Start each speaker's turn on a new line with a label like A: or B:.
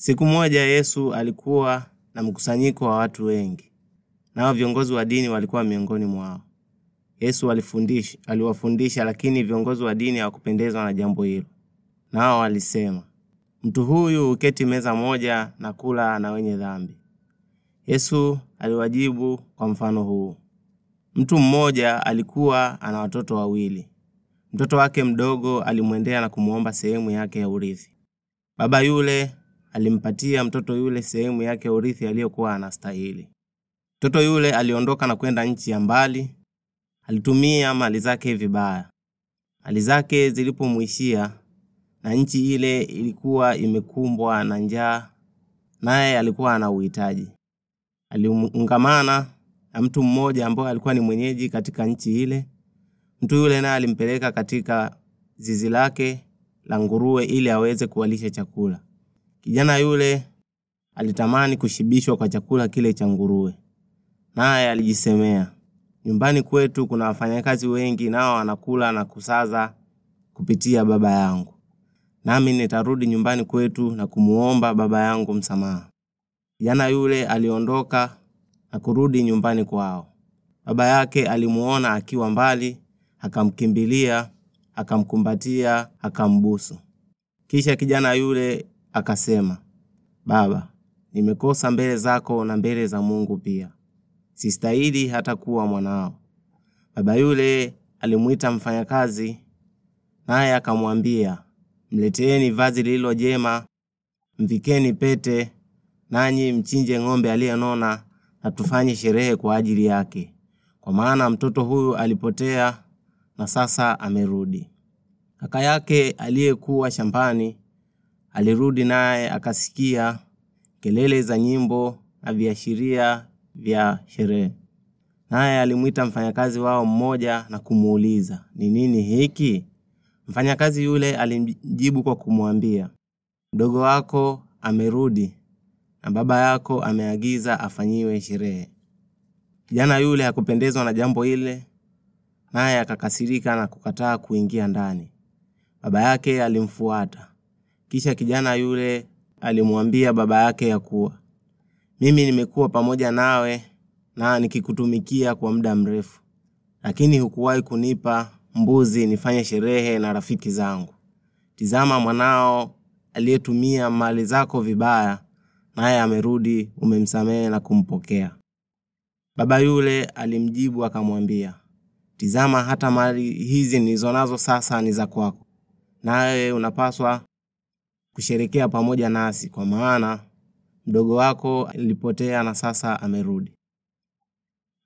A: Siku moja Yesu alikuwa na mkusanyiko wa watu wengi, nao viongozi wa dini walikuwa miongoni mwao. Yesu alifundisha, aliwafundisha, lakini viongozi wa dini hawakupendezwa na jambo hilo, nao walisema, mtu huyu huketi meza moja na kula na wenye dhambi. Yesu aliwajibu kwa mfano huu: mtu mmoja alikuwa ana watoto wawili. Mtoto wake mdogo alimwendea na kumwomba sehemu yake ya urithi. Baba yule alimpatia mtoto yule sehemu yake urithi aliyokuwa anastahili. Mtoto yule aliondoka na kwenda nchi ya mbali, alitumia mali zake vibaya. Mali zake zilipomwishia na nchi ile ilikuwa imekumbwa na njaa, naye alikuwa ana uhitaji. Aliungamana na mtu mmoja ambaye alikuwa ni mwenyeji katika nchi ile. Mtu yule naye alimpeleka katika zizi lake la nguruwe ili aweze kuwalisha chakula. Kijana yule alitamani kushibishwa kwa chakula kile cha nguruwe, naye alijisemea, nyumbani kwetu kuna wafanyakazi wengi, nao wanakula na kusaza kupitia baba yangu, nami nitarudi nyumbani kwetu na kumuomba baba yangu msamaha. Kijana yule aliondoka na kurudi nyumbani kwao. Baba yake alimuona akiwa mbali, akamkimbilia, akamkumbatia, akambusu. Kisha kijana yule akasema, Baba, nimekosa mbele zako na mbele za Mungu pia, sistahili hata kuwa mwanao. Baba yule alimwita mfanyakazi, naye akamwambia, mleteeni vazi lililo jema, mvikeni pete, nanyi mchinje ng'ombe aliyenona, na tufanye sherehe kwa ajili yake, kwa maana mtoto huyu alipotea na sasa amerudi. Kaka yake aliyekuwa shambani Alirudi naye akasikia kelele za nyimbo na viashiria vya sherehe. Naye alimwita mfanyakazi wao mmoja na kumuuliza, ni nini hiki? Mfanyakazi yule alimjibu kwa kumwambia, mdogo wako amerudi na baba yako ameagiza afanyiwe sherehe. Kijana yule hakupendezwa na jambo ile, naye akakasirika na kukataa kuingia ndani. Baba yake alimfuata kisha kijana yule alimwambia baba yake ya kuwa mimi nimekuwa pamoja nawe na nikikutumikia kwa muda mrefu, lakini hukuwahi kunipa mbuzi nifanye sherehe na rafiki zangu. Tizama mwanao aliyetumia mali zako vibaya, naye amerudi, umemsamehe na kumpokea. Baba yule alimjibu akamwambia, tizama, hata mali hizi nilizo nazo sasa ni za kwako, nawe unapaswa kusherekea pamoja nasi kwa maana mdogo wako alipotea na sasa amerudi.